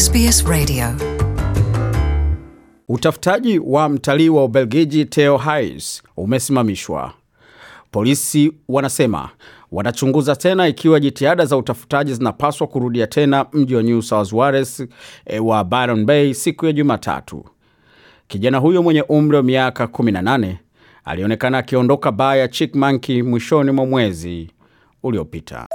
SBS Radio. Utafutaji wa mtalii wa Ubelgiji Theo Hais umesimamishwa. Polisi wanasema wanachunguza tena ikiwa jitihada za utafutaji zinapaswa kurudia tena mji wa New South Wales e, wa Byron Bay siku ya Jumatatu. Kijana huyo mwenye umri wa miaka 18 alionekana akiondoka baa ya manki mwishoni mwa mwezi uliopita.